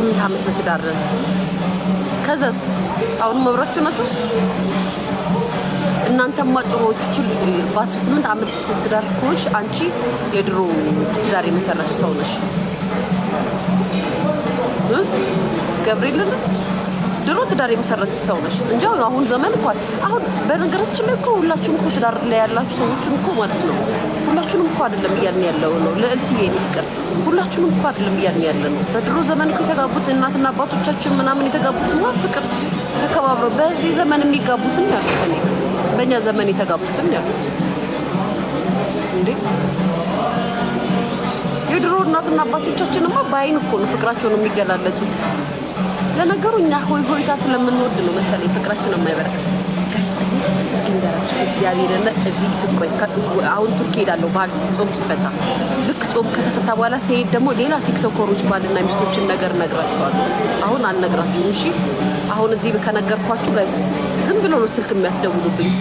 ስምንት ዓመት ነው ከዛስ አሁንም አብራችሁ ናችሁ። እናንተማ ጥሩዎቹ በ18 ዓመት ትዳር ከሆንሽ አንቺ የድሮ ትዳር የመሰረቱ ሰው ነሽ። ነው ትዳር የመሰረት ሰው ነች እንጂ አሁን አሁን ዘመን እንኳን አሁን በነገራችን ላይ እኮ ሁላችሁም እኮ ትዳር ላይ ያላችሁ ሰዎችን እኮ ማለት ነው ሁላችሁንም እኮ አይደለም እያልን ያለው ነው። ልዕልትዬ የኔ ሁላችሁንም እኮ አይደለም እያልን ያለ ነው። በድሮ ዘመን የተጋቡት እናትና አባቶቻችን ምናምን የተጋቡትና ፍቅር ተከባብረው በዚህ ዘመን የሚጋቡትን ያሉት እኔ በእኛ ዘመን የተጋቡትን ያሉት እንዴ የድሮ እናትና አባቶቻችንማ በአይን እኮ ነው ፍቅራቸውን የሚገላለጹት። ለነገሩ እኛ ሆይ ሆይታ ስለምንወድ ነው መሰለኝ ፍቅራችን የማይበረድ እግዚአብሔርን እዚህ አሁን ቱርክ ሄዳለሁ። በዓል ጾም ሲፈታ ልክ ጾም ከተፈታ በኋላ ሲሄድ ደግሞ ሌላ ቲክቶከሮች ባልና ሚስቶችን ነገር እነግራቸዋለሁ። አሁን አልነግራችሁም። እሺ፣ አሁን እዚህ ከነገርኳችሁ ጋይስ ዝም ብሎ ነው ስልክ የሚያስደውሉብኝ።